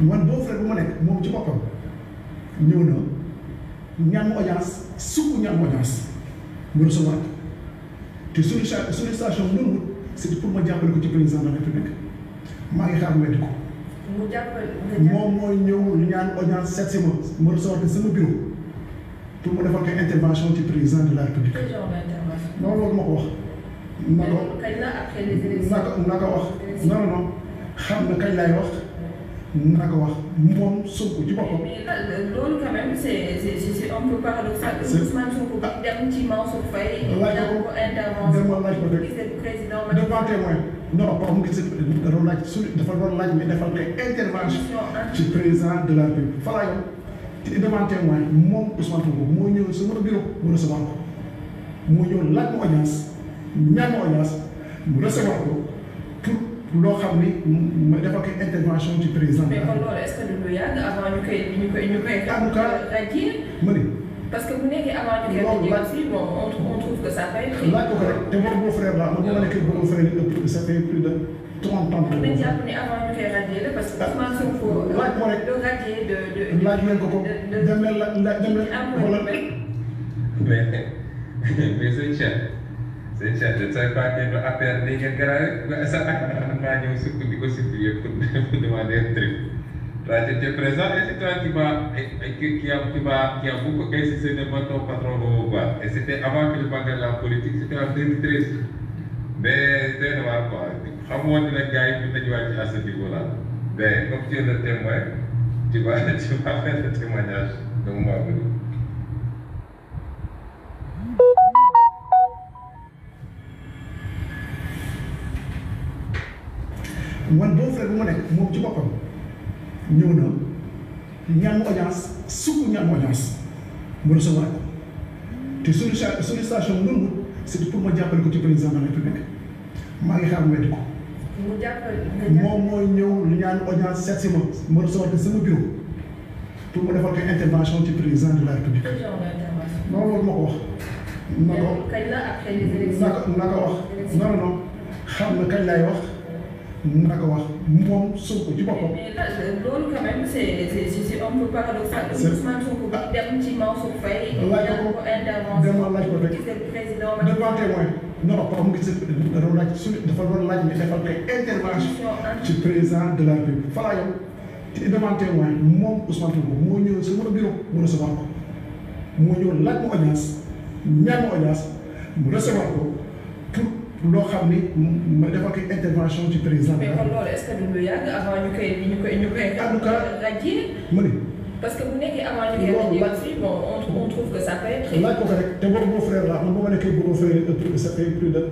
man boo frère bu ma nekk moom ci boppam ñëw na ñaan ma audience surtout ñaan ma audience mu recevoir te sollicitation bi noonu c'est pour ma jàppale ko ci président de la république maa ngi xaar weddi ko. mu jàppale moom mooy ñaan audience sept semaines ma recevoir ko sama bureau pour ma defal ko intervention ci la république. non loolu ma ko wax. na ko na ko wax non non xam na kañ laay wax. naka wax moom Sonko ci boppam. mais loolu quand même c'est c'est un peu paradoxal. Ousmane Sonko bi ah. dem ci Mansour Faye. laaj ko demoon laaj ko dëgg. président devant témoin non ba mu gisee da doon laaj su dafa doon laaj mais defal ko intervention. ci président de la République fa laa ci devant témoin moom Ousmane Sonko moo ñëw sama bureau mu recevoir ko moo ñëw laaj ma audience ñaan ma audience mu recevoir ko. loo xam ni ma dafa koy intervention ci président. mais kon loolu est-ce que du lu yàgg parce que bu nekkee avant ñu koy. loolu la aussi bon on trouve que boo ma nekkee boo frère yi ëpp ça fait plus de trente ans. dañ jàpp ni avant ñu la parce que Ousmane Sonko. laaj ko rek le radier de de. laaj leen ko ko dem leen la dem leen. wala mais mais sëñ Cheikh sëñ Cheikh de say bàjjee ba affaire nii ngeen garaawee ba sa ak maa ñëw surtout di ko supplier pour pour demander un truc. waaye te te présent et c'est toi qui m'a qui a qui m'a qui a beaucoup insisté de mettre ton patron au pouvoir et c'était avant que le banque de la politique c'était en 2013 mais doy na waar quoi xamoon na ne gars yi mën nañu wàcc à ce niveau là mais comme tu es le témoin tu vas tu vas faire le témoignage de moment venu. man bon frère bu ma moom ci boppam ñëw na ñaan audience sukk ñaan audience mu recevoir ko te sollicitation sollicitation loolu c'est pour ma jàppale ko ci président de la république maa ngi xaar ko. mu jàppale moom mooy ñëw ñaan audience seet si ma ma recevoir ko sama bureau pour ma defal ko intervention ci président de la république. non loolu ma ko wax. na ko wax non non xam na kañ laay wax. mun na ko wax moom Sonko ci boppam. mais loolu quand même c'est c'est un peu paradoxal. Ousmane Sonko bi dem ci Mansour Faye. laaj ko ko intervention laaj ko rek. président devant témoin non pas mu gis da doon laaj su dafa doon laaj mais defal de la République fa laa moo mu recevoir ko mu audience mu audience mu recevoir ko. loo xam ni ma dafa koy intervention ci président. mais kon loolu est-ce que du lu yàgg avant ñu koy ñu koy mu ne. parce que bu nekkee avant ñu koy ràññee aussi trouve que ça peut être. ko ko te boobu beau frère laa man bu ma nekkee beau frère yi ça fait plus de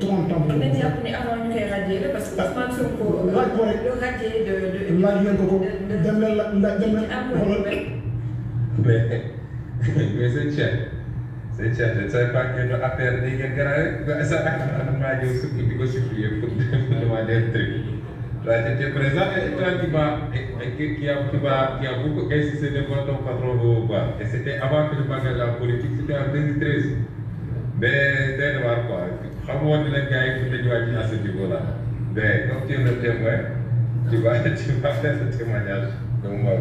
trente ans. am na jàpp ni avant la parce que. Ah, Ousmane Sonko laaj ko euh, rek lu ràññee de de. laaj ngeen ko ko dem leen la dem leen. sëñ Cheikh de say banque do affaire day ngeen garaawee ba sa ak maa ñëw sukk di ko supplier pour demander un truc. La j'étais présent et toi qui m'a qui a qui m'a qui a beaucoup insisté devant ton patron au bar. Et c'était avant que je m'engage en politique, c'était en 2013. Mais day na waar quoi xam woon ne la gars yi fi la ñu wàññi à ce niveau là. Mais comme tu es le témoin, tu vas tu vas faire ce témoignage de moi.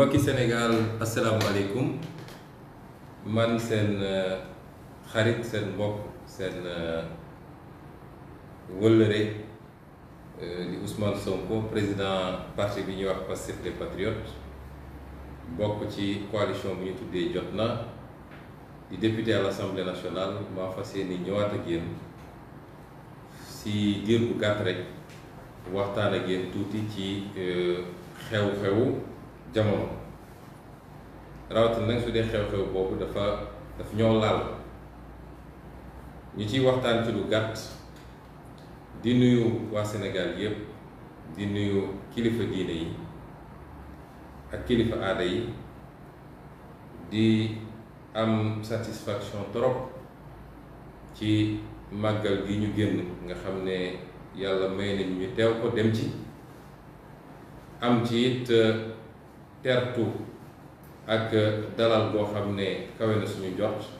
mbokki Sénégal asalaamualeykum man seen euh, xarit seen mbokk seen euh, wëllëre euh, di Ousmane Sonko président parti bi ñuy wax Pastef les Patriotes bokk ci coalition bu ñu tuddee Jotna di député à l'Assemblée nationale maa fas yéene ñëwaat ak yéen si diir bu gàtt rek waxtaan ak yéen tuuti ci xew-xew. jamono rawatina nag su dee xew-xew boobu dafa daf ñoo laal ñu ci waxtaan ci lu gàtt di nuyu waa senegaal yépp di nuyu kilifa diine yi ak kilifa aada yi di am satisfaction trop ci màggal gi ñu génn nga xam ne yàlla may nañu ñu teew ko dem ci am ci it tertu ak dalal boo xam ne kawe na suñu jot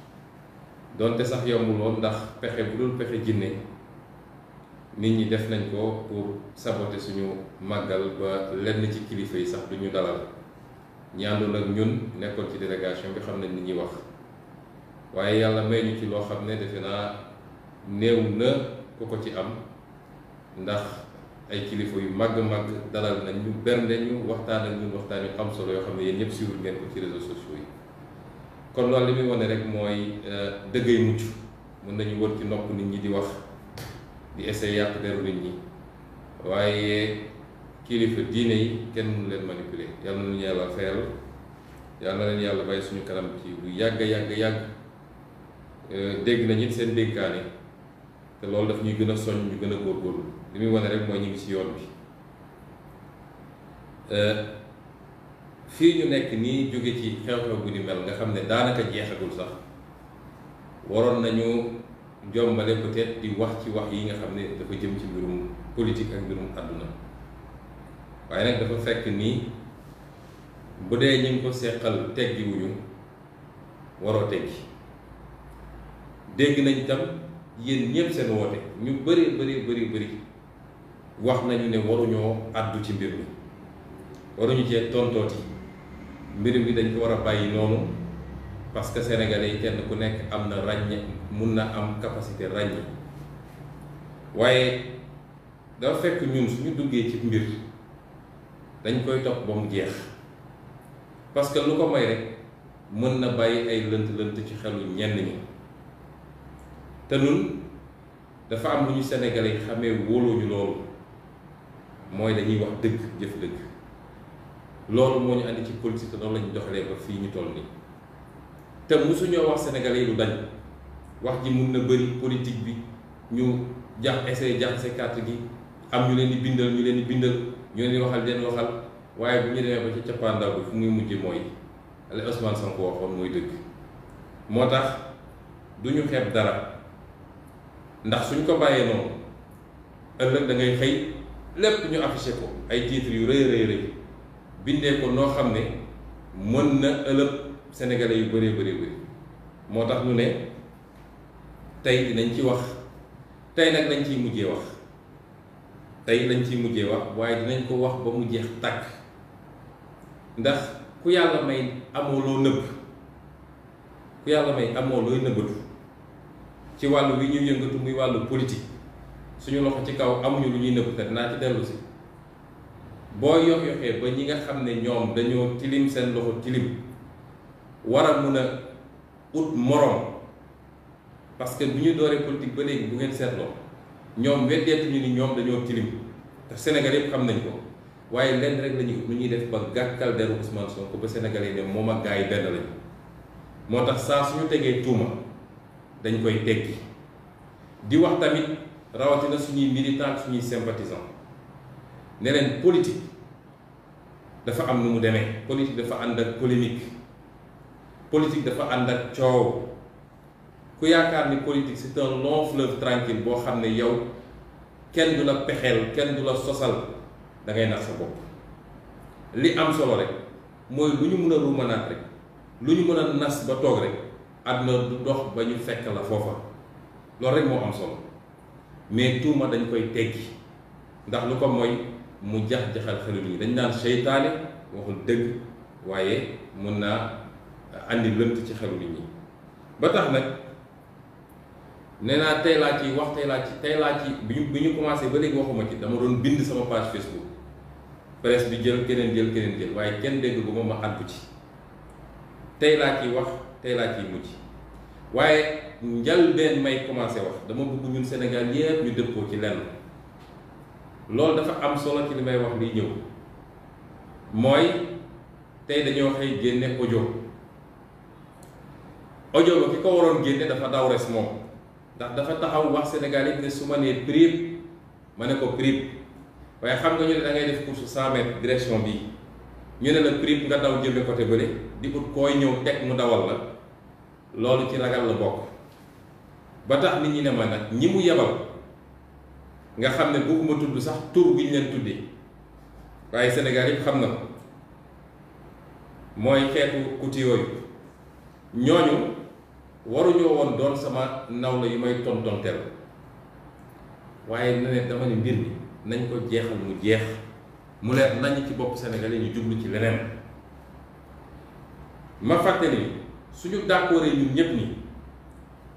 donte sax yombul woon ndax pexe bu dul pexe jinne nit ñi def nañ ko pour saboter suñu màggal ba lenn ci kilifa yi sax duñu dalal ñi àndoon ñun nekkoon ci délégation bi xam nañ ni ñuy wax waaye yàlla may ñu ci loo xam ne defe naa néew na ku ko ci am ndax ay kilifa yu mag màgg dalal nañ ñu bernde ñu waxtaan ak ñun waxtaan yu am solo yoo xam ne yéen ñëpp siiwul ngeen ko ci réseaux sociaux yi kon loolu li muy wane rek mooy euh, dëggay mucc mën nañu wër ci nopp nit ñi di wax di essayer yàq deru nit ñi waaye kilifa diine yi kenn mënu leen manipuler yàlla na leen yàlla fayal yàlla na leen yàlla bàyyi suñu kanam ci lu yàgg yàgg yàgg euh, dégg nañu seen dénkaane te loolu daf ñuy gën a soññ ñu gën a góorgóorlu li muy wane rek mooy ñu ngi ci yoon bi euh, fii ñu nekk nii jóge ci xew-xew bu ni mel nga xam ne daanaka jeexagul sax waroon nañu jombale peut di wax ci wax yi nga xam ne dafa jëm ci mbirum politique ak mbirum àdduna waaye nag dafa fekk nii bu dee ñu ko seqal teggi wuñu waroo teggi dégg nañ tam yéen ñëpp seen woote ñu bëree bëri bëri bëri wax nañu ne waruñoo àddu ci mbir mi waruñu cee tontooti mbir mi dañ ko war a bàyyi noonu parce que sénégalais yi kenn ku nekk am na ràññe mun na am capacité ràññe waaye dafa fekk ñun suñu duggee ci mbir dañ koy topp ba mu jeex parce que lu ko may rek mën na bàyyi ay lënt-lënt ci xelu ñenn ñi. te nun dafa am lu ñu sénégalais yi xamee wóolooñu loolu mooy dañuy wax dëgg jëf dëgg loolu moo ñu andi ci politique te noonu lañu doxalee ba fii ñu toll nii te mosuñoo wax sénégalais yi lu dañ wax ji mun na bëri politique bi ñu jax essayé jaxase carte gi am ñu leen di bindal ñu leen di bindal ñu leen di waxal leen waxal waaye bu ñu demee ba ci cappaandaw fu muy mujj mooy la Ousmane Sonko waxoon mooy dëgg moo tax du ñu xeeb dara ndax suñ ko bàyyee noonu ëllëg dangay ngay xëy lépp ñu affiché ko ay titres yu rëy rëy rëy bindee ko noo xam ne mën na ëlëb sénégalais yu bëree bëri bëri moo tax ñu ne tey dinañ ci wax tey nag lañ ciy mujjee wax tey lañ ciy mujjee wax waaye dinañ ko wax ba mu jeex tàkk ndax ku yàlla may amoo loo nëbb ku yàlla may amoo looy nëbbatu ci wàll wi ñuy yëngatu muy wàllu politique suñu loxo ci kaw amuñu lu ñuy nëbb te naa ci dellu boo yox yoxee ba ñi nga xam ne ñoom dañoo tilim seen loxo tilim war a mun a ut moroom parce que bu ñu dooree politique ba léegi bu ngeen seetloo ñoom weddeetuñu ni ñoom dañoo tilim te Sénégal yëpp xam nañ ko waaye lenn rek la ñuy lu ñuy def ba gàkkal deru Ousmane Sonko ba Sénégalais ne moo ak gars yi benn lañu moo tax saa suñu tegee tuuma. dañ koy teggi di wax tamit rawatina suñuy militant suñuy sympathisant ne leen politique dafa am nu mu demee politique dafa ànd ak polémique politique dafa ànd ak coow ku yaakaar ni politique c'est un long fleuve tranquille boo xam ne yow kenn du la pexeel kenn du la sosal da ngay nax sa bopp li am solo rek mooy lu ñu mën a ruumanaat rek lu ñu mën a nas ba toog rek àdduna du dox ba ñu fekk la foofa loolu rek moo am solo mais tuuma dañ koy teggi ndax lu ko mooy mu jax-jaxal xelu nit dañ naan seytaane waxul dëgg waaye mun naa andi lënt ci xelu nit ba tax nag nee naa tey laa ci wax tey laa ci tey laa ci bi ñu bi ñu commencé ba léegi waxuma ci dama doon bind sama page Facebook presse bi jël keneen jël keneen jël waaye kenn dégg bu ma ma àddu ci tey laa ci wax tey laa ciy mujj waaye njalbeen may commencé wax dama bëgg ñun Sénégal yépp ñu dëppoo ci lenn loolu dafa am solo ci li may wax liy ñëw mooy tey dañoo xëy génne audio audio ba ki ko waroon génne dafa daw res moom ndax dafa taxaw wax Sénégal yi ne su ma nee prib ma ne ko prib waaye xam nga ñu ne da ngay def course 100 direction bii ñu ne la prix nga daw jëme côté bari di ut kooy ñëw teg mu dawal la loolu ci ragal la bokk ba tax nit ñi ne ma nag ñi mu yebal nga xam ne bëgguma tudd sax tur bu ñu leen tuddee waaye Sénégal yëpp xam na mooy xeetu ku yooyu ñooñu waruñoo woon doon sama nawla yu may tontonteel waaye na ne dama ne mbir mi nañ ko jeexal mu jeex mu leer nañ ci bopp Sénégalais ñu jublu ci leneen ma fàtte ni suñu d'accord ñun ñëpp ni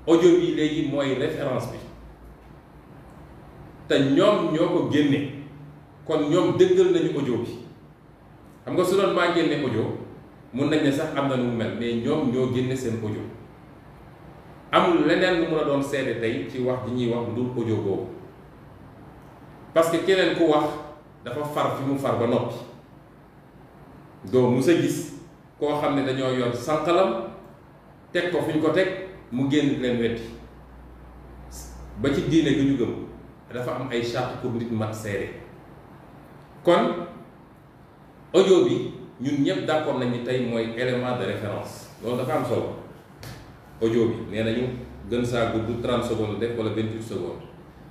audio bi léegi mooy référence bi te ñoom ñoo ko génne kon ñoom dëggal nañu audio bi xam nga su doon maa génne audio mun nañ ne sax am na nu mu mel mais ñoom ñoo génne seen audio amul leneen lu mun a doon seede tey ci wax ji ñuy wax lu dul audio boobu parce keneen ku wax. dafa far fi mu far ba noppi doo mus a gis koo xam ne dañoo yoon sànqalam teg ko fu ñu ko teg mu génn leen wetti ba ci diine gi ñu gëm dafa am ay chaque pour nit mat seere kon audio bi ñun ñëpp d'accord nañ ni tey mooy élément de référence loolu dafa am solo audio bi nee nañu gën saa gudd 30 de def wala 28 secondes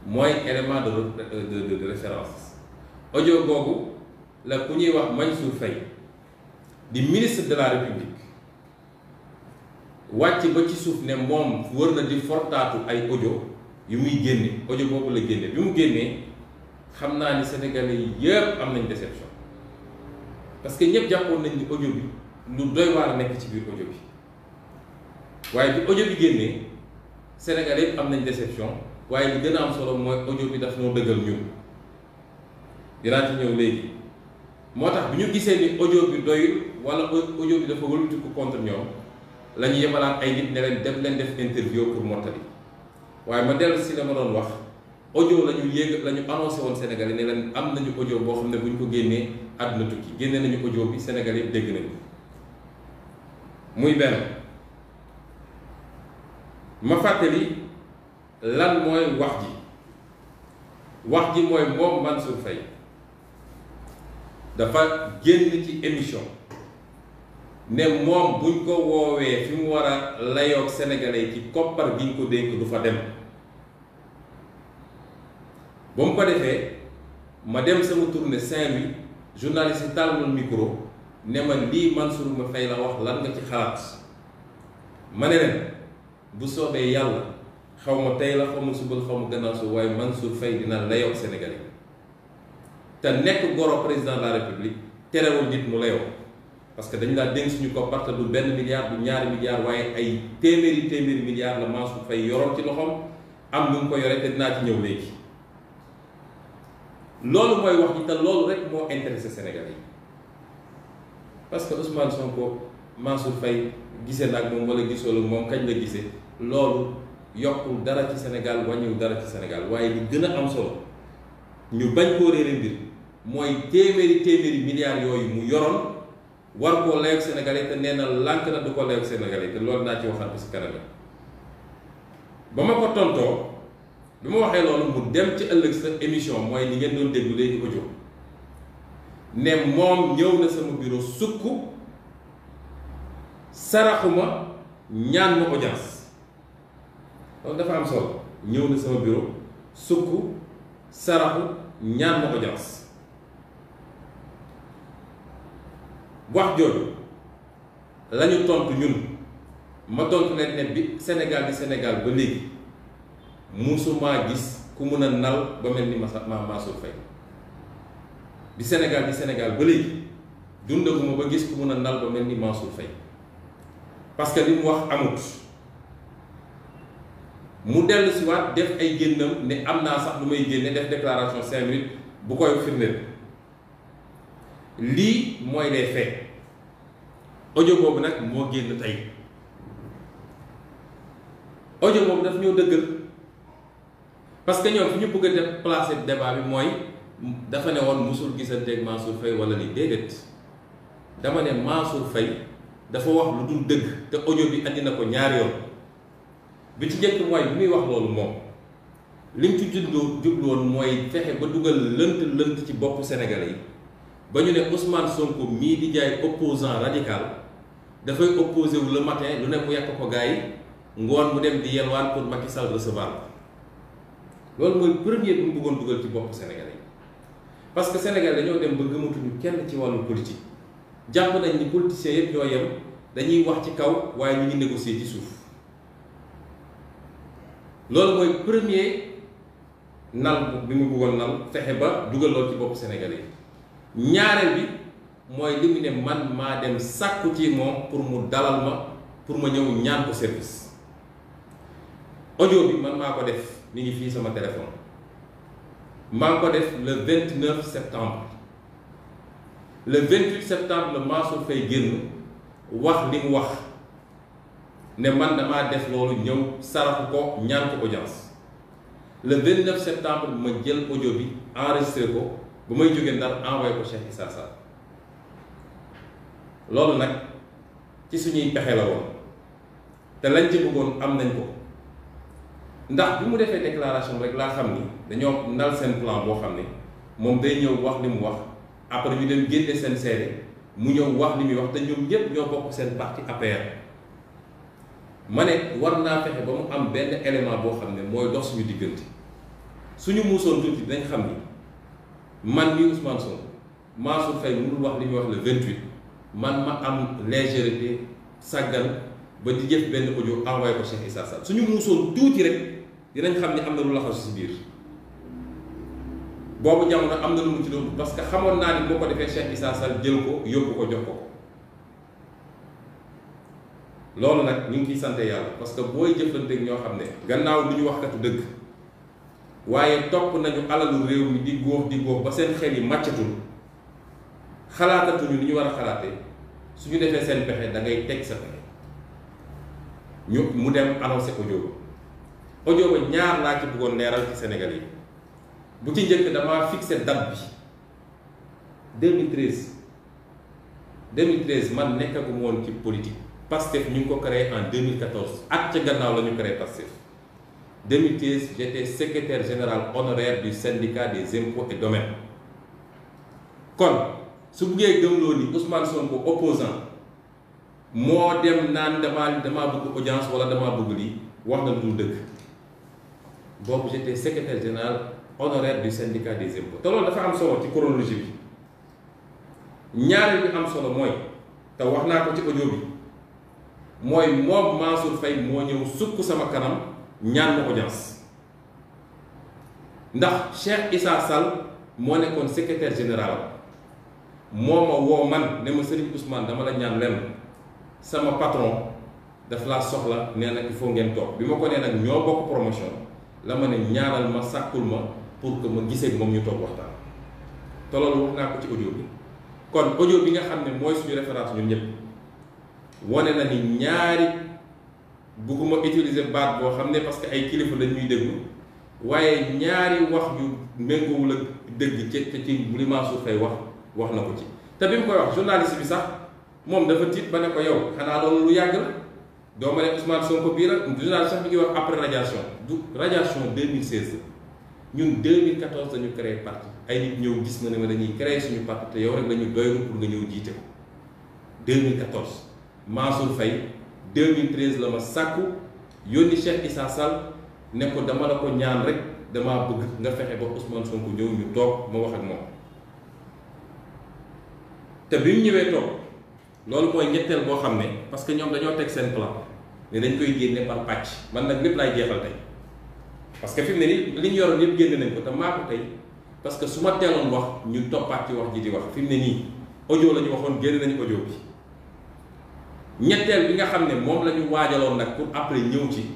mooy élément de de de référence. audio boobu la ku ñuy wax Mansour Faye di ministre de la république wàcc ba ci suuf ne moom wër na di fortaatu ay audio yu muy génne ojo boobu la génne bi mu génnee xam naa ni sénégalais yi yëpp am nañ déception parce que ñëpp jàppoon nañ ni audio bi lu doy waar nekk ci biir audio bi waaye bi ojo bi génnee sénégalais yëpp am nañ déception waaye li gën a am solo mooy ojo bi daf noo dëggal ñun dinaa ci ñëw léegi moo tax bu ñu gisee ni audio bi doyul wala audio bi dafa wëlbatiku contre ñoom la ñu yebalaat ay nit ne leen dem leen def interview pour mottali waaye ma dellu si la ma doon wax audio lañu ñu yéeg la ñu woon Sénégal ne leen am nañu audio boo xam ne bu ñu ko génnee àdduna tukki génne nañu audio bi Sénégal dégg nañu muy benn ma fàttali lan mooy wax ji wax ji mooy moom Mansour Faye dafa génn ci émission ne moom buñ ko woowee fi mu war a layoog sénégalais ci koppar biñ ko dénk du fa dem ba mu ko defee ma dem sama tournée Saint-Louis journaliste yi tàllal micro ne ma lii Mansour ma fay la wax lan nga ci xalaat ma ne leen bu soobee yàlla xaw ma tey la xaw ma subal ma gannaaw su waaye Mansour Faye dina layoog sénégalais te nekk goro président la république terewul nit mu layoo parce que dañu laa dénk suñu koppar te du benn milliard du ñaari milliard waaye ay téeméeri téeméeri milliard la Mansour Faye yoroon ci loxoom am lu mu ko yore te dinaa ci ñëw léegi loolu mooy wax ji te loolu rek moo intéressé Sénégalais yi parce que Ousmane Sonko Mansour Faye gisee na ak moom wala gisoo la moom kañ la gisee loolu yokkul dara ci Sénégal wàññiwul dara ci Sénégal waaye li gën a am solo ñu bañ koo mooy téeméeri téeméeri milliards yooyu mu yoroon war koo layoog Sénégalais te nee na lànk na du ko layoog Sénégalais te loolu naa ci waxaat si kanam ba ma ko tontoo bi ma waxee loolu mu dem ci ëllëg sa émission mooy li ngeen doon déglu léegi audio ne moom ñëw na sama bureau sukk saraxuma ñaan ma audience loolu ñëw sama bureau sukk saraxu ñaan wax jooju la ñu tontu ñun ma tontu leen ne bi Sénégal di Sénégal ba léegi musuma gis ku mun a nal ba mel ni ma Mansour Faye bi di Sénégal ba léegi dundaguma ba gis ku mun a nal ba mel ni Mansour Faye parce que li mu wax amut mu dellu si waat def ay génnam ne am naa sax lu may génne def déclaration cinq minutes bu koy firndeel lii mooy les faits audio boobu nag moo génn tey ojo boobu dafa ñoo dëggal parce que ñoom fi ñu bëgg a def placer bi mooy dafa ne woon musul gisanteeg Mansour Faye wala ni déedéet dama ne Mansour Faye dafa wax lu dul dëgg te audio bi andi na ko ñaari yoon bi ci njëkk mooy bi muy wax loolu moom li ci jublu jublu mooy fexe ba dugal lënt lënt ci bopp Sénégalais yi ba ñu ne Ousmane Sonko mii di jaay opposant radical dafay opposé wu le matin lu ne mu ko gars yi ngoon mu dem di yelwaan pour Macky Sall recevoir loolu mooy premier bi mu bëggoon dugal ci bopp Sénégalais yi parce que Sénégal dañoo dem ba gëmatuñu kenn ci wàllu politique jàpp nañ ni politiciens yëpp ñoo yem dañuy wax ci kaw waaye ñu ngi négocier ci suuf loolu mooy premier nal bi mu bëggoon nal fexe ba dugal lool ci bopp Sénégalais yi. ñaareel bi mooy li ne man maa dem sàkku ci moom pour mu dalal ma pour ma ñëw ñaan service audio bi man maa ko def mi ngi fii sama téléphone maa ngi ko def le 29 septembre le 28 septembre la Mansour Faye génn wax li mu wax ne man damaa def loolu ñëw saraxu ko ñaan ko audience le 29 septembre ma jël ojo bi enregistré ko bu may jógee ndar envoyé ko Cheikh Issa Sall loolu nag ci suñuy pexe la woon te lañ ci bëggoon am nañ ko ndax bi mu defee déclaration rek laa xam ni dañoo ndal seen plan boo xam ne moom day ñëw wax li mu wax après ñu dem génne seen seede mu ñëw wax li muy wax te ñoom ñépp ñoo bokk seen parti APR ma ne war naa fexe ba mu am benn élément boo xam ne mooy dox suñu diggante suñu muusoon tuuti dinañ xam ni man mii Ousmane Sonko su Faye mënul wax li ñuy wax le 28 man ma am légèreté sàggan ba di jëf benn audio envoyé ko Cheikh Issa Sall suñu muusoon tuuti rek dinañ xam ne am na lu laxasu si biir boobu jamono am na lu mu ci doon parce que xamoon naa ni boo ko defee Cheikh Issa Sall jël ko yóbbu ko jox ko loolu nag ñu ngi ciy sante yàlla parce que booy jëflanteeg ñoo xam ne gannaaw lu ñu waxkatu dëgg. waaye topp nañu alalu réew mi di góox di góox ba seen xel yi màccatul xalaatatuñu ni ñu war a xalaatee su ñu defee seen pexe da ngay teg sa pexe ñu mu dem annoncé Odioba Odioba ñaar laa ci bëggoon leeral ci Sénégal yi bu ci njëkk damaa fixé date bi 2013 2013 man nekkagu woon ci politique Pastef ñu ngi ko créé en 2014 at ca gannaaw la ñu créé Pastef 2015, j'étais secrétaire général honoraire du syndicat des impôts et domaines. kon su buggee gëmloo ni Ousmane Sonko opposant moo dem naan damaa damaa bëgg audience wala damaa bëgg lii wax na lu dul dëgg boobu j'étais secrétaire général honoraire du syndicat des impôts te loolu dafa am solo ci chronologie bi ñaareel bi am solo mooy te wax naa ko ci audio bi mooy moom Mansour Faye moo ñëw sukk sama kanam. ñaan ma audience ndax Cheikh Issa sal moo nekkoon secrétaire général moo ma woo man ne ma Serigne Ousmane dama la ñaan lenn sama patron daf laa soxla nee na il faut ngeen toog bi ma ko nee nag ñoo bokk promotion la ma ne ñaanal ma sàkkul ma pour que ma gisee moom ñu toog waxtaan te wax naa ko ci audio bi kon audio bi nga xam ne mooy suñu référence ñun ñëpp wane na ni ñaari. bugguma utiliser baat boo xam ne parce que ay kilifa lañ ñuy déglu waaye ñaari wax yu méngoowul ak dëgg ci ci li Mansour Faye wax wax na ko ci te bi mu koy wax journaliste bi sax moom dafa tiit ba ne ko yow xanaa loolu lu yàgg la doo ma ne Ousmane Sonko bii la journaliste sax mi ngi wax après radiation du radiation 2016 la ñun 2014 dañu créé parti ay nit ñëw gis ma ne ma dañuy créé suñu parti te yow rek la ñu doylu pour nga ñëw jiite ko 2014 Mansour Faye 2013 la ma sàkku yónni Cheikh Issa Sall ne ko dama la ko ñaan rek damaa bëgg nga fexe ba Ousmane Sonko ñëw ñu toog ma wax ak moom te bi mu ñëwee toog loolu mooy ñetteel boo xam ne parce que ñoom dañoo teg seen plan ne dañ koy génne par pàcc man nag lépp laay jeexal tey parce que fi mu ne nii li ñu yoroon yëpp génn nañ ko te maa ko tey parce que su ma teeloon wax ñu toppaat ci wax ji di wax fi ne nii audio la ñu waxoon génn nañu audio bi. ñetteel bi nga xam ne moom la ñu waajaloon nag pour après ñëw ci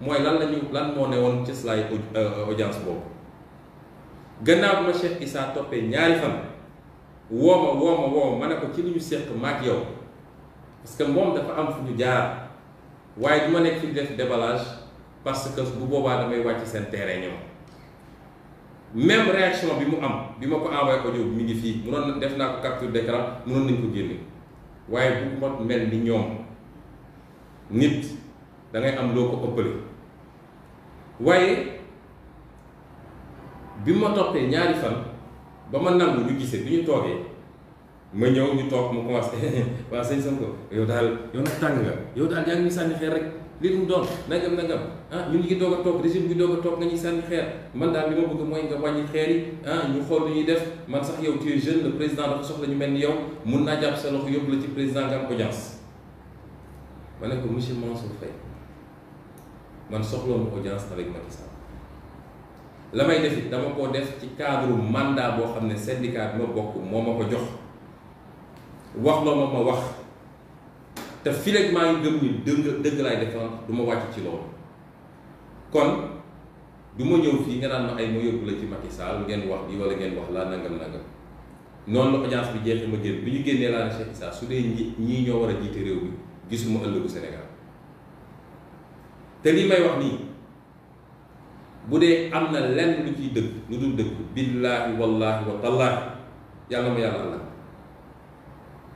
mooy lan lañu lan moo ne woon cëslaay euh, audience boobu gannaaw bi ma Cheikh Issa toppee ñaari fan wooma wooma wooma ma ne ko ci li ñu séq maak yow parce moom dafa am fu ñu jaar waaye du ma nekk fi def déballage parce que bu boobaa damay wàcc seen terrain ñoom même réaction bi mu am bi ma ko envoyé audio bi mi ngi fii munoon def naa ko capture d'écran munoon nañ ko génne waaye bu ma mel ni ñoom nit da ngay am loo ko ëppale waaye bi ma toppee ñaari fan ba ma nangu ñu gisee bi ñu toogee ma ñëw ñu toog mu commencé waaw sëñ Sonko yow daal yow nag tàng nga yow daal yaa ngi ñu sànni xeer rek li mu doon nangam nangam ah ñu ngi doog a toog régime bi doog a toog nga ñuy sànni xeer man daal li ma bëgg mooy nga wàññi xeer ah, ñu xool lu ñuy def man sax yow président dafa soxla ñu mel ni yow mun naa jàpp sa loxo yóbbu la ci président nga am audience ma ne ko monsieur Mansour Faye man soxloonu audience la may def it dama koo ci cadre mandat boo xam ne syndicat bi ma bokk jox wax loo ma ma wax te fileeg maa ngi gëm ni dëgg dëgg laay défendre du ma wàcc ci loolu kon du ma ñëw fii nga naan ma ay ma yóbbu la ci Macky Sall ngeen wax bi wala ngeen wax laa nangam nangam noonu la audience bi jeexee ma génn bi ñu génnee laa ne Cheikh Issa su dee ñi ñii ñoo war a jiite réew mi ma ëllëgu Sénégal te lii may wax nii bu dee am na lenn lu ciy dëgg lu dul dëgg billaahi wallaahi wa tallaahi yàlla ma yàlla àlla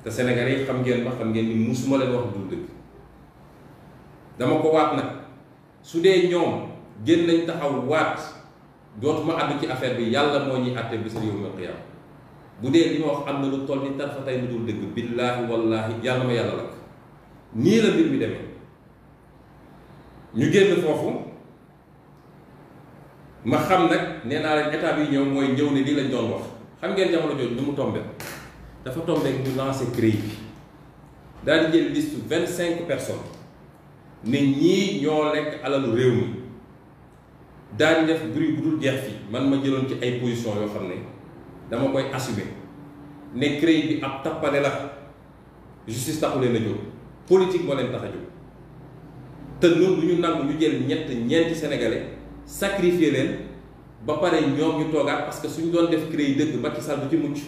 te senegal yi xam ngeen ma xam ngeen ni musuma leen wax dul dëgg dama ko waat nag su dee ñoom génn nañ taxaw waat dootuma àddu ci affaire bi yàlla moo ñuy àtte bés yawmal qiyaama bu dee li ma wax lu toll ni tarfa tey lu dul dëgg billaahi wallaahi yàlla ma la mbir mi demee ñu génn foofu ma xam nag nee naa leen état bi ñëw mooy ñëw ne lii lañ doon wax xam ngeen jamono jooju nu mu tombé. dafa tombé ñu lancé CREI bi daal di jël liste vingt cinq personnes ne ñii ñoo lekk alalu réew mi daal di def bruit bu dul jeex fii man ma jëloon ci ay position yoo xam ne dama koy assumer ne CREI bi ab tappale la justice taxu leen a jóg politique moo leen tax a jóg te ñun du ñu nangu lu jël ñett ñeenti sénégalais sacrifier leen ba pare ñoom ñu toogaat parce que suñ doon def CREI dëgg Macky Sall du ci mucc.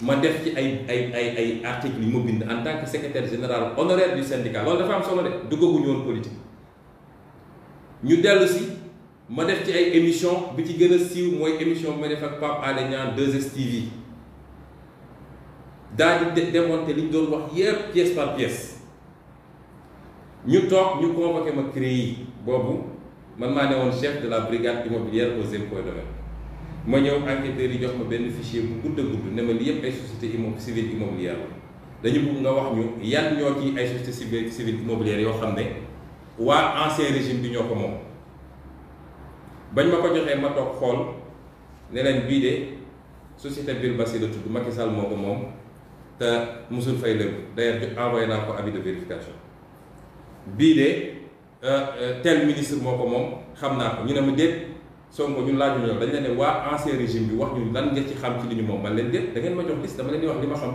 ma def ci ay ay ay ay articles yu ma bind en tant que secrétaire général honoraire du syndicat loolu dafa am solo de duggaguñu woon politique ñu dellu si ma def ci ay émission bi ci gën a siiw mooy émission bi ma def ak Pape Alé Niang 2STV daal di démonter li ñu doon wax yépp pièce par pièce ñu toog ñu convoqué ma CREI boobu man maa ne woon chef de la brigade immobilière aux impôts et domaines ma ñëw enquêteurs yi jox ma benn fichier bu gudd a gudd ne ma li yëpp ay société immo civile immobilière la dañu bëgg nga wax ñu yan ñoo ci ay société civile civile immobilière yoo xam ne waa ancien régime bi ñoo ko moom bañ ma ko joxee ma toog xool ne leen bii de société Birbasi la tudd Macky Sall moo ko moom te mosul fay lépp d'ailleurs envoyé naa ko avis de vérification bii de euh, euh, tel ministre moo ko moom xam naa ko ñu ne ma déet Sonko ñun laajuñu yoon dañ leen ne waa ancien régime bi wax ñu lan nga ci xam ci li ñu moom man leen déet dangeen ma jox liste dama leen di wax li ma xam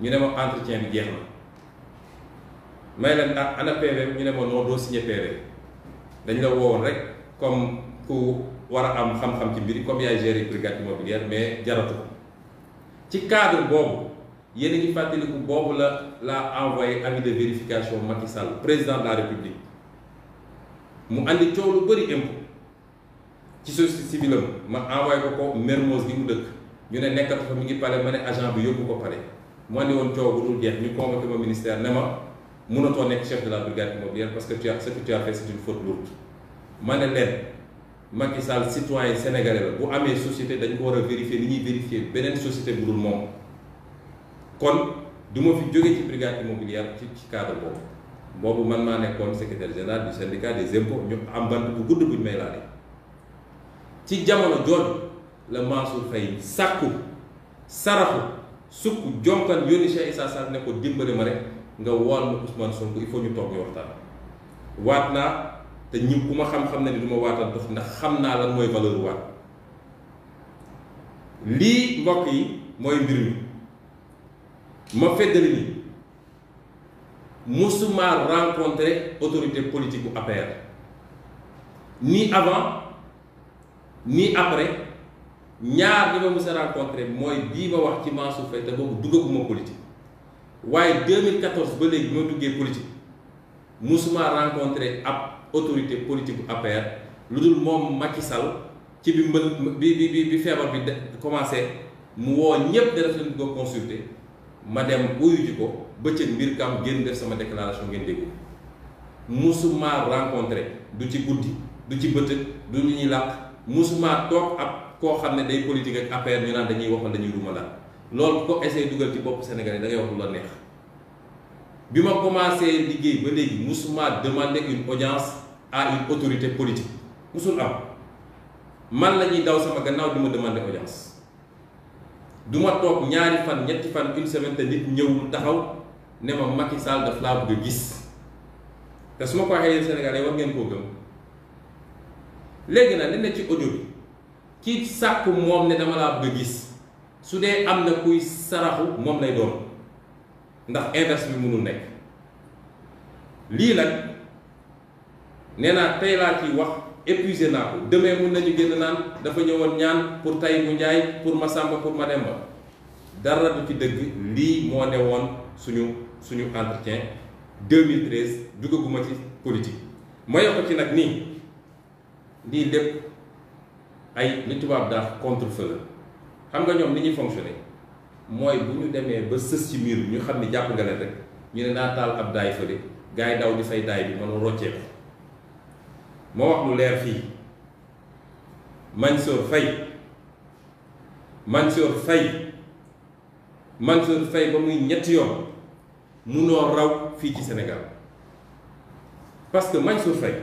ñu ne ma entretien bi jeex na may leen ah ana PV ñu ne ma non doo signé PV dañ la woon rek comme ku war a am xam-xam ci mbiri comme yaay gérer brigade immobilière mais jaratu ko ci cadre boobu yéen a ngi fàttaliku boobu la la envoyé avis de vérification Macky Sall président de la république mu andi coow lu ci société civile am ma envoyé ko ko Mermoz gi mu dëkk ñu ne nekkatu fa mi ngi pale ma ne agent bi yóbbu ko pale moo ne woon coow bu jeex ñu convoqué ma ministère ne ma mënatoo nekk chef de la brigade immobilière parce que tu as ce que tu as fait c'est une faute lourde ma ne leen Macky Sall citoyen sénégalais bu amee société dañ ko war a vérifier ni ñuy vérifier beneen société bu dul moom kon du ma fi jóge ci brigade immobilière ci ci cadre boobu boobu man maa nekkoon secrétaire général du syndicat des impôts ñu am bant bu gudd buñ may ci jamono jooju la Mansour Faye sàkku sarafu sukk jonkan yónni Cheikh Issa ne ko dimbale ma rek nga wool ma Ousmane Sonko il faut ñu toog ñu waxtaan waat naa te ñi ku ma xam-xam ne ni du waatal dof ndax xam naa lan mooy valeur waat lii mbokk yi mooy mbir mi ma feddali ni musuma rencontrer autorité politique bu APR ni avant nii après ñaar ñi ma mos a rencontré mooy bii ma wax ci Mansour Faye te boobu ma politique waaye 2014 ba léegi ma duggee politique musuma rencontré ab autorité politique bu APR lu dul moom Macky sal ci bi mbël bi bi bi feebar bi de commencé mu woo ñépp ma dem uyu ko bëccëg mbir kam génn def sama déclaration ngeen dégg musuma rencontré du ci guddi du ci bëtëg du ñu ñuy làq musuma toog ab koo xam ne day politique ak affaire ñu naan dañuy waxal dañuy la loolu ko essayé dugal ci bopp Sénégalais da ngay wax lu la neex bi ma commencé liggéey ba léegi musuma demander une audience à une autorité politique musul am man lañuy daw sama gannaaw di ma demander audience du ma toog ñaari fan ñetti fan une semaine te nit ñëwul taxaw ne ma Macky Sall daf laa bëgg a gis te su ma ko waxee Sénégalais war ngeen koo gëm. léegi nag li ne ci audio bi ki sàkku moom ne dama laa bëgg gis su dee am na kuy saraxu moom lay doon ndax inverse bi mënul nekk lii nag nee naa tey laa ciy wax épuisé naa ko demee mun nañu génn naan dafa ñëwoon ñaan pour tay mu njaay pour ma Masamba pour Mademba dara du ci dëgg lii moo ne woon suñu suñu entretien 2013 duggaguma ci politique ma yokk ci nag nii lii lépp ay li tubaab daax contre-feu la xam nga ñoom ni ñuy fonctionner mooy bu ñu demee ba sës ci miir ñu xam ne jàpp nga rek ñu ne naa taal ab daay fële gars yi daw di fay daay bi man roccee ko moo wax lu leer fii Mansour Faye Mansour Faye Mansour Faye ba muy ñetti yoon munoo raw fii ci Sénégal parce que Mansour Faye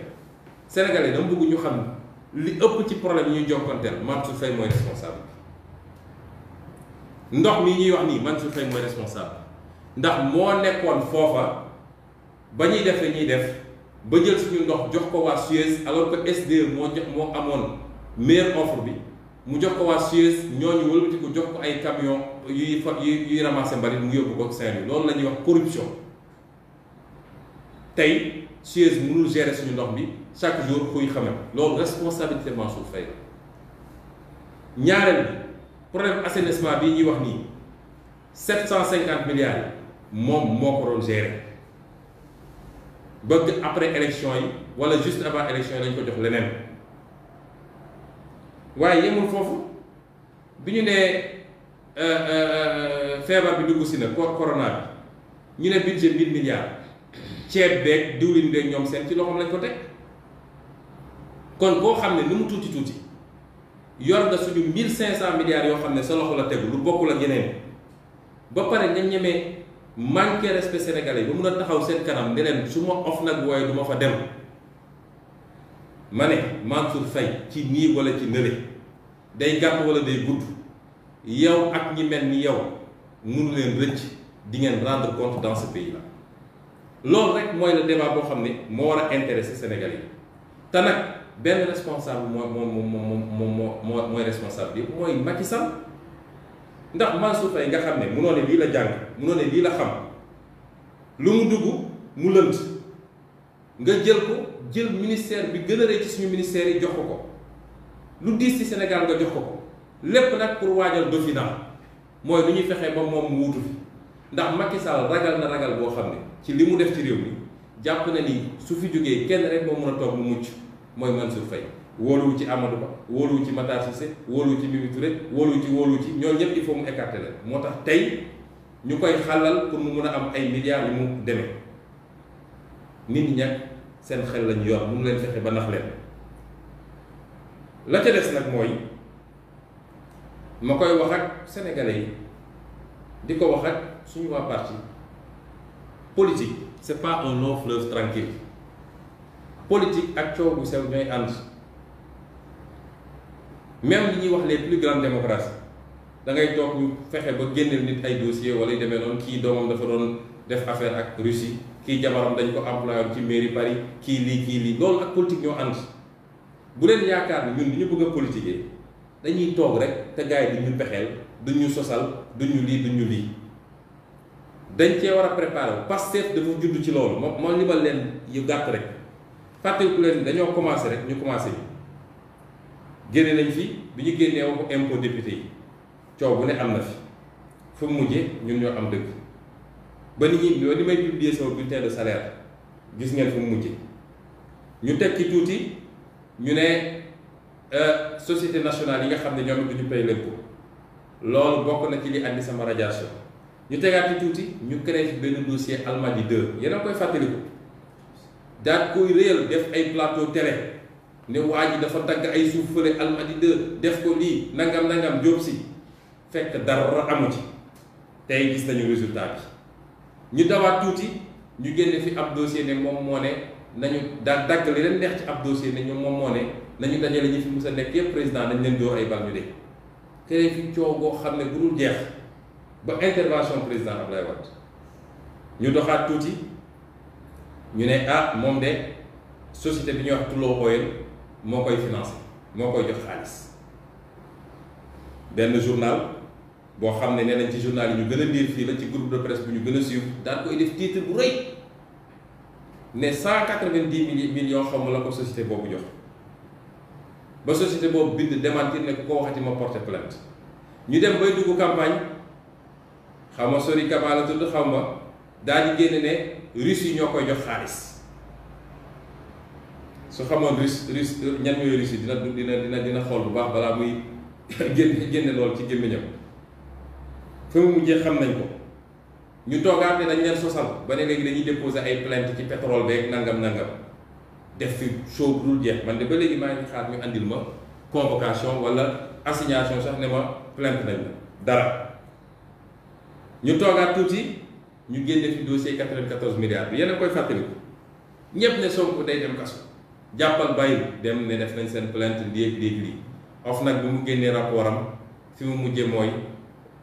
sénégalais dama bëgg ñu xam li ëpp ci problème yi ñuy jonkonteel Mansour Faye mooy responsable ndox mi ñuy wax nii Mansour Faye mooy responsable ndax moo nekkoon foofa ba ñuy def ñuy def ba jël suñu ndox jox ko waa Suez alors que SDE moo jox moo amoon meilleure offre bi mu jox ko waa Suez ñooñu wëlbati ko jox ko ay camion yuy fa yuy ramasser mbalit mu yóbbu ko Saint-Louis loolu la ñuy wax corruption tey Suez mënul gérer suñu ndox bi chaque jour kuy xamal loolu responsabilité Mansour Faye la ñaareel bi problème assainissement bii ñuy wax nii sept cent cinquante milliards yi moom moo ko doon gérer bëgg après élection yi wala juste avant élection yi lañ ko jox leneen waaye yemul foofu bi ñu nee euh, euh, euh, feebar bi dugg si na corona bi ñu ne budget mille milliards ceeb beeg diwlin beeg ñoom seen ci loxoom lañ ko teg kon boo xam ne lu mu tuuti tuuti yor nga suñu mille cinq cent milliards yoo xam ne sa loxo la tegu lu bokkul ak geneen ba pare nga ñemee manqué respect sénégalais yi ba mun a taxaw seen kanam ne leen su ma of nag waaye du ma fa dem ma ne Mansour Faye ci nii wala ci nële day gàtt wala day gudd yow ak ñi mel ni yow mënu leen rëcc di ngeen rendre compte dans ce pays là loolu rek mooy la débat boo xam ne moo war a intéresser sénégalais yi te nag benn responsable moo moo moo moo moo mooy bi mooy Macky Sall ndax Mansour Faye nga xam ne munoo ne lii la jàng munoo ne lii la xam lu mu dugg mu lënt nga jël ko jël ministère bi gën a rëy ci suñu ministère yi jox ko ko lu diis ci Sénégal nga jox ko ko lépp nag pour waajal dauphinat mooy lu ñuy fexe ba moom mu wutu fi ndax Macky Sall ragal na ragal boo xam ne ci li mu def ci réew mi jàpp na ni su fi jógee kenn rek moo mën a toog mu mucc. mooy Mansour Faye wóoluwu ci Amadou Ba wóoluwu ci Matar Cissé wóoluwu ci Mimi Touré wóoluwu ci wóoluwu ci ñoo ñëpp il faut mu écarter moo tax tey ñu koy xàllal pour mu mun a am ay milliards yu mu demee nit ñi ñàkk seen xel lañu yor mun leen fexe ba nax leen la ca des nag mooy ma koy wax ak sénégalais yi di ko wax ak suñu waa parti politique c'est pas un long fleuve tranquille politique ak coow bu sew ñooy ànd même li ñuy wax les plus grandes démocraties da ngay toog ñu fexe ba génneel nit ay dossier wala yu demee noonu kii doomam dafa doon def affaire ak Russie kii jabaram dañ ko employé ci mairie Paris kii lii kii lii loolu ak politique ñoo ànd bu leen yaakaar ni ñun li ñu bëgg a dañuy toog rek te gars yi duñ ñu pexeel duñ sosal duñu lii duñ ñu lii dañ cee war a préparer Pastef dafa judd ci loolu moom moo li leen yu gàtt rek. fàttewuleen bi dañoo commencé rek ñu commencé bi génne nañ fi bi ñu génnee waxu impôt député yi coow bu ne am na fi fu mu mujjee ñun ñoo am dëgg ba nit ñi li may publier sama bulletin de salaire gis ngeen fu mu mujjee ñu teg ci tuuti ñu ne euh, société nationale yi nga xam ne ñoom it du ñu pay l'impôt loolu bokk na ci li andi sama radiation ñu tegaat ci tuuti ñu créé ci benn dossier Almadies di yéen a koy fàttaliku. daat koy réel def ay plateau télé ne waa ji dafa tagg ay suuf fële almadi de def ko lii nangam nangam jóob si fekk dara amu ci tey gis nañu résultat bi ñu dawaat tuuti ñu génne fi ab dossier ne moom moo ne nañu daan dagg li leen ci ab dossier ne ñoom moom moo ne nañu dajale ñi fi mus a nekk yëpp président dañ leen door ay bal ñu de te fi coow goo xam ne bu dul jeex ba intervention président lay Wade ñu doxaat tuuti. ñu ne ah moom de société bi ñuy wax Tullow Oil moo koy financé moo koy jox xaalis benn journal boo xam ne nee nañ ci journal yi ñu gën a liir fii la ci groupe de presse bu ñu gën a suivre daan koy def titre bu rëy ne cent quatre vingt di millions xaw ma la ko société boobu jox ba société boobu bind démentir ne ku ko waxati ma porté plainte ñu dem bay dugg campagne xaw ma sori Kaba la tudd xaw ma daal di génne ne. russe yi ñoo koy jox xaalis su xamoon russe russe ñan ñooy russe dina dina dina dina xool bu baax balaa muy génn génne lool ci gémmiñam fi mu mujjee xam nañ ko ñu toogaat ne dañ leen sosal ba ne léegi dañuy déposer ay plainte ci pétrole beeg nangam nangam def fi show bu dul jeex man de ba léegi maa ngi xaar ñu andil ma convocation wala assignation sax ne ma plainte nañ dara ñu toogaat tuuti. ñu génne fi dossier 94 milliards bi yéen a koy fàttaliku ñëpp ne Sonko day dem kaso jàppal bàyyi dem ne def nañ seen plainte lii ak lii lii of nag bi mu génnee rapport am fi mu mujjee mooy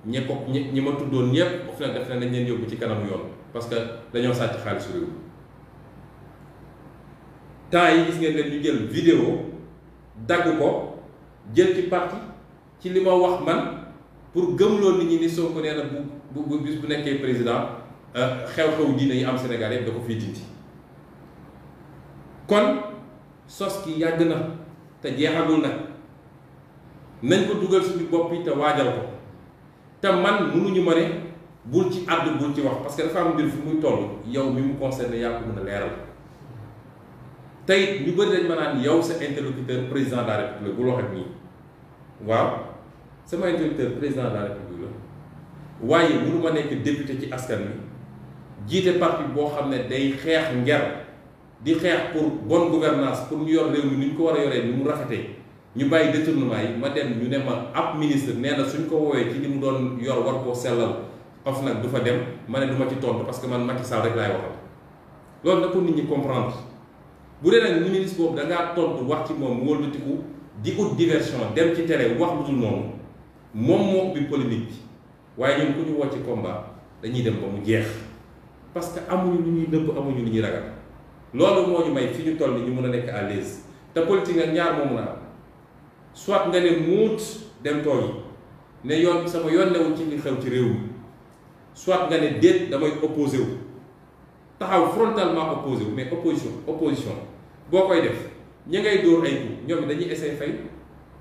ñe ko ñi ma tuddoon ñëpp of nag def nañ leen yóbbu ci kanamu yoon parce que dañoo sàcc xaalisu réew mi temps yi gis ngeen ne ñu jël vidéo dagg ko jël ci parti ci li ma wax man pour gëmloo nit ñi ni Sonko nee na bu bu bis bu nekkee président. xew-xew diine yi am Sénégal yëpp da ko fiy dindi kon sos ki yàgg na te jeexagul nag nañ ko dugal suñu bopp yi te waajal ko te man mënuñu ma ne bul ci àdd bul ci wax parce que dafa am mbir fu muy toll yow mi mu concerné yaa ko mën a leeral tey ñu bëri dañ ma naan yow sa interlocuteur président de la bul wax ak nii waaw sama interlocuteur président de la république la waaye mënu ma nekk député ci askan wi jiite parti boo xam ne day xeex nger di xeex pour bon gouvernance pour ñu yor réew mi ni ñu ko war a yoree ni mu rafetee ñu bàyyi détournement yi ma dem ñu ne ma ab ministre nee na suñ ko woowee ci li mu doon yor war koo sellal of nag du fa dem ma ne du ma ci tontu parce que man Macky Sall rek laay waxal loolu na ko nit ñi comprendre bu dee nag ministre boobu da ngaa tontu wax ci moom wëlbatiku di ut diversion dem ci tere wax lu dul noonu moom moo ubbi polémique bi waaye ñoom ku ñu woo ci dañuy dem ba mu jeex. parce que amuñu lu ñuy nëbb amuñu lu ñuy ragal loolu moo ñu may fi ñu toll ni ñu mën a nekk à l'aise te politique nag ñaar moom mun a am soit nga ne muut dem tool yi ne yoon sama yoon newul ci li xew ci réew mi soit nga ne déet damay opposé wu taxaw frontalement opposé mais opposition opposition boo koy def ñi ngay dóor ay coup ñoom dañuy essayé fay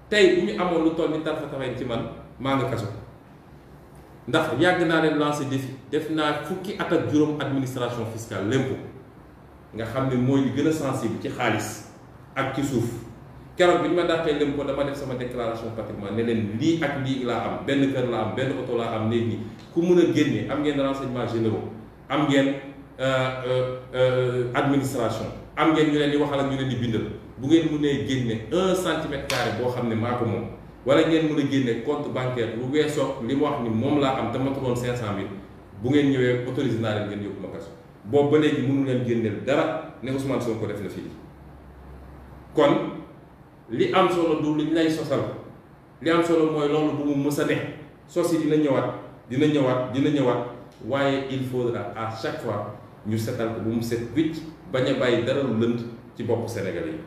tey lu ñu amoon lu toll ni tarfa tafay ci man maa ngi kaso ndax yàgg naa leen lancé défi def naa fukki at ak juróom administration fiscale l'impôt nga xam ne mooy li gën a sensible ci xaalis ak ci suuf keroog bi ñu ma dàqee ko dama def sama déclaration patrimoine ne leen lii ak lii laa am benn kër laa am benn oto laa am néeg nii ku mun a génne am ngeen renseignement généraux am ngeen euh, euh, administration am ngeen ñu leen wax waxal la ñu leen di bindal bu ngeen mënee génne un centimètre carré boo xam ne maa ko moom wala ngeen mën a génne compte bancaire lu weesoo li ma wax ni moom laa am te ma tolloon cinq cent mille bu ngeen ñëwee autorisé naa leen ngeen yóbbu ma kaso boobu ba léegi mënu leen génneel dara ne Ousmane Sonko def na fii kon li am solo du liñ lay sosal li am solo mooy loolu bu mu mës a ne sos yi dina ñëwaat dina ñëwaat dina ñëwaat waaye il faudra à chaque fois ñu setal ko bu mu set wicc bañ a bàyyi dara lu lënd ci bopp Sénégalais yi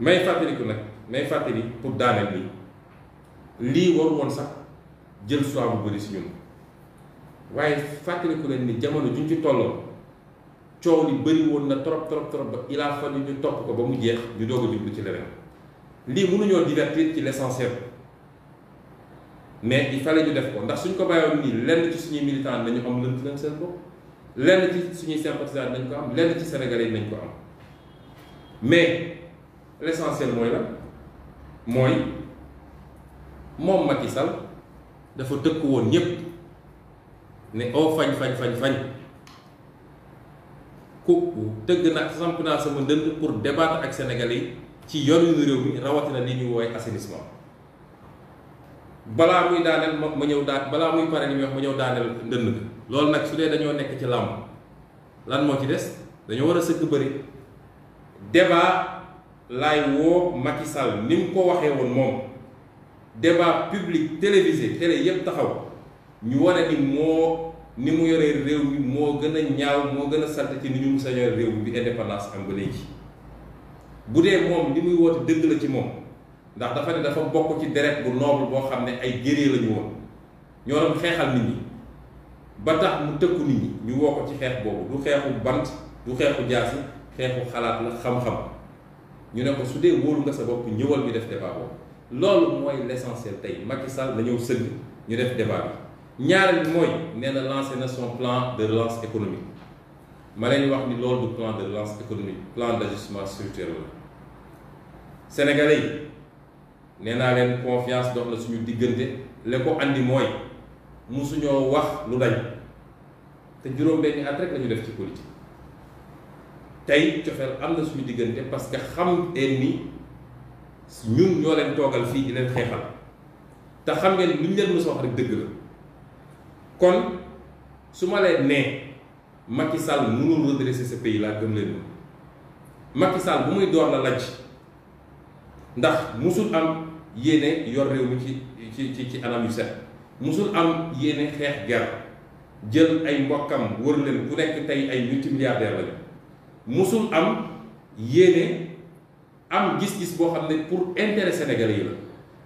may fàttaliku nag. may fàttali pour daaneel nii lii waru woon sax jël soin bu bëri si ñun waaye fàttaliku leen ni jamono juñ ci tolloon coow li bëri woon na trop trop trop ba il a fallu ñu topp ko ba mu jeex ñu doog a jublu ci leneen lii mënuñoo divertir ci l'essentiel mais il fallait ñu def ko ndax suñ ko bàyyoon nii lenn ci suñuy militants nañu am lënt leen seen bopp lenn ci suñuy sympathisants nañ ko am lenn ci sénégalais yi ko am mais l'essentiel mooy la mooy moom Macky Sall dafa tëkk woon ñépp ne oo fañ fañ fañ fañ tëgg na samp naa sama ndënd pour débattre ak Sénégalais yi ci yoonu réew mi rawatina li ñuy woowee assainissement balaa muy daaneel ma ma ñëw daan balaa muy pare li muy ma ñëw daaneel ndënd loolu nag su dee dañoo nekk ci làmb lan moo ci des dañoo war a sëkk bëri débat laay woo Macky Sall ni mu ko waxee woon moom débat public télévisé télé yépp taxaw ñu wane ni moo ni mu yoree réew mi moo gën a ñaaw moo gën a salte ci ni ñu mu réew mi bi indépendance am ba léegi bu dee moom li muy woote dëgg la ci moom ndax dafa ne dafa bokk ci deret bu noble boo xam ne ay guerrier la woon ñoo doon xeexal nit ñi ba tax mu tëkku nit ñi ñu woo ko ci xeex boobu du xeexu bant du xeexu jaasi xeexu xalaat la xam-xam ñu ne ko su dee wóolu nga sa bopp ñëwal ñu def débat boobu loolu mooy l' essentiel tey Macky Sall la ñëw sëgg ñu def débat bi ñaareel mooy nee na lancé na son plan de relance économique ma leen wax ni loolu du plan de relance économique plan d' ajustement structurel la Sénégalais yi nee naa leen confiance dox na suñu diggante la ko andi mooy musuñoo wax lu dañ te juróom-benni at rek la ñu def ci politique. tey cofeel am na suñu diggante parce que xam ngeen mi ñun ñoo leen toogal fii di leen xeexal te xam ngeen lu ñu leen mës a wax rek dëgg la kon su ma leen nee Macky Sall mënul redresser ce pays là gëm leen Macky bu muy door la lajj ndax musul am yéene yor réew mi ci ci ci anam yu set mosul am yéene xeex guerre jël ay mbokkam wër leen ku nekk tey ay multimilliardaire lañu musul am yéene am gis-gis boo xam ne pour intérêt sénégalais yi la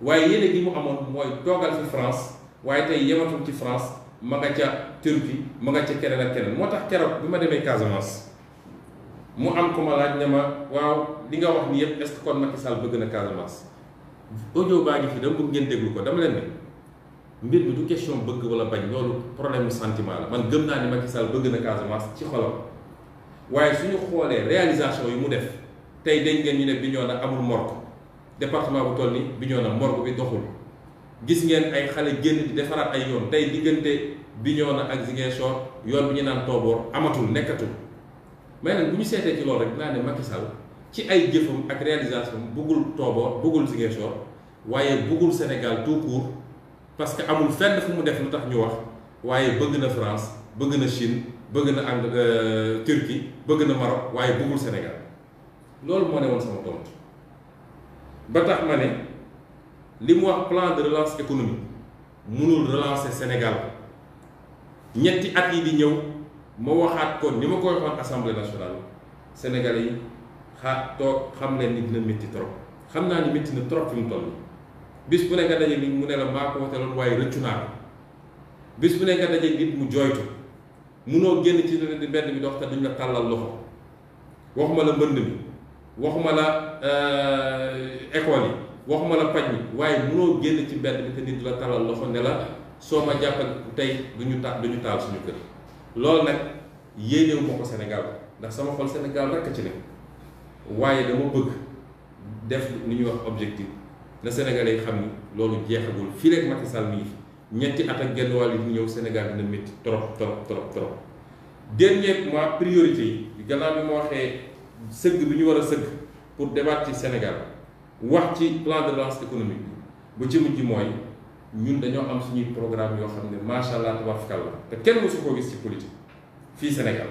waaye yéene gi mu amoon mooy toogal fi France waaye tey yematul ci France ma nga ca Turquie mu nga ca keneen ak keneen moo tax keroog bi ma demee Casamance mu am ko ma laaj ne ma waaw li nga wax ni yépp est-ce que bëgg na Casamance audio baa ngi fi dama bëgg ngeen déglu ko dama leen ne mbir bi du question bëgg wala bañ loolu problème mu sentiment la man gëm naa ni Macky Sall bëgg na Casamance ci xolam. waaye suñu xoolee réalisation yi mu def tey dañ ngeen ñu ne Bignona amul morgue département bu toll ni na morgue bi doxul gis ngeen ay xale génn di defaraat ay yoon tey diggante na ak Ziguinchor yoon bi ñu naan tooboor amatul nekkatu mais nag bu ñu seetee ci loolu rek dinaa ne Macky Sall ci ay jëfam ak réalisation bëggul tooboor bëggul Ziguinchor waaye bëggul Sénégal tout court parce que amul fenn fu mu def lu tax ñu wax waaye bëgg na France bëgg na Chine bëgg na ànd euh, Turquie bëgg na Maroc waaye bëggul Sénégal loolu moo ne woon sama tontu ba tax ma ne li mu wax plan de relance économique mënul relancer Sénégal ñetti at yi di ñëw ma waxaat ko ni ma koy waxoon assemblée nationale Sénégal yi xaat toog xam leen ni dina métti trop xam naa ni métti na trop fi mu toll bis bu nekk daje nit mu ne la maa ko woteeloon waaye rëccu naa ko bis bu nekk daje nit mu jooytu. munoo génn ci di bi dox te duñ la tàllal loxo waxuma la mbënd mi waxuma la euh, école yi waxuma la paj mi waaye munoo génn ci mbedd bi te nit du la tàllal loxo ne la soo ma jàppal tey duñu ta duñu taal suñu kër loolu nag yéenewu ma ko Sénégal ndax sama xol Sénégal rekk a ci nekk waaye dama bëgg def li ñuy wax objectif na Sénégalais yi xam ni loolu jeexagul fii rek Macky Sall mi ñetti at ak genn wàll yi ñëw Sénégal dina métti trop trop trop trop dernièrement priorité yi gannaaw bi ma waxee sëgg bi ñu war a sëgg pour demaat ci Sénégal wax ci plan de relance économique bi ba ci mujj mooy ñun dañoo am suñuy programme yoo xam ne macha allah wax te kenn mosu koo gis ci politique fii Sénégal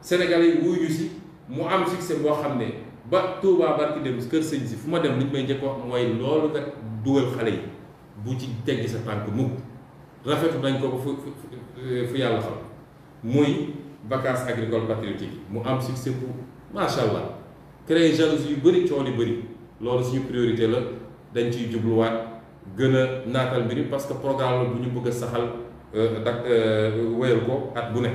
Sénégal yi wuyu ñu si mu am succès boo xam ne ba Touba barki dem kër sëñ si fu ma dem liñ may njëkk wax mooy loolu nga dugal xale yi. bu ci teggi sa tànk mukk rafetu nañ ko ba fu fu yàlla xam muy agricole agricoles patriotiques mu am succès bu macha allah créer jalousie yu bëri coono yu bëri loolu suñu priorité la dañ ciy jubluwaat gën a naatal mbiri parce que programme la bu ñu bëgg a saxal euh, dak euh, wéyal ko at bu ne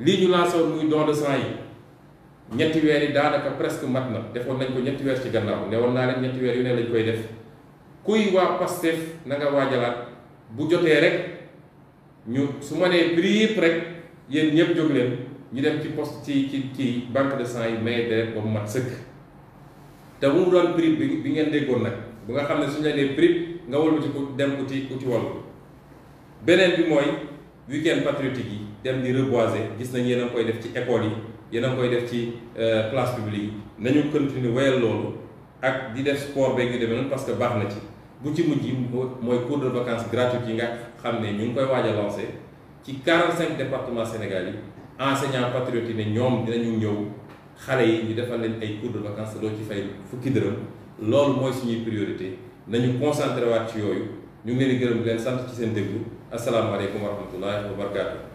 lii ñu lancé woon muy don de sang yi ñetti weer yi daanaka presque mat na defoon nañ ko ñetti weer ci gannaaw ne woon naa ñetti weer yu ne lañ koy def kuy waa Pastef na nga jalaat bu jotee rek ñu su ma nee prix rek yéen ñëpp jóg leen ñu dem ci poste ci ci ci banque de sang yi maye deret ba mu mat sëkk te bu mu doon prix bi bi ngeen déggoon nag bu nga xam ne suñu la nee prix nga wëlbati ku dem ku ci ku ci wàllu beneen bi mooy week-end patriotique yi dem di reboiser gis nañ yéen a koy def ci école yi yéen a koy def ci place euh, publique yi nañu continuer wéyal loolu ak di def sport beeg yu demee noonu parce que baax na ci. bu ci mujj mooy cours de vacances gratuite yi nga xam ne ñu ngi koy waaj a ci ci 45 départements Sénégal yi enseignants patriotes yi ne ñoom dinañu ñëw xale yi ñu defal leen ay cours de vacances loo ci fay fukki dërëm loolu mooy suñuy priorité nañu concentré waat ci yooyu ñu ngi leen gërëm leen sant ci seen déglu asalaamaaleykum wa rahmatullahi wa barakaatu.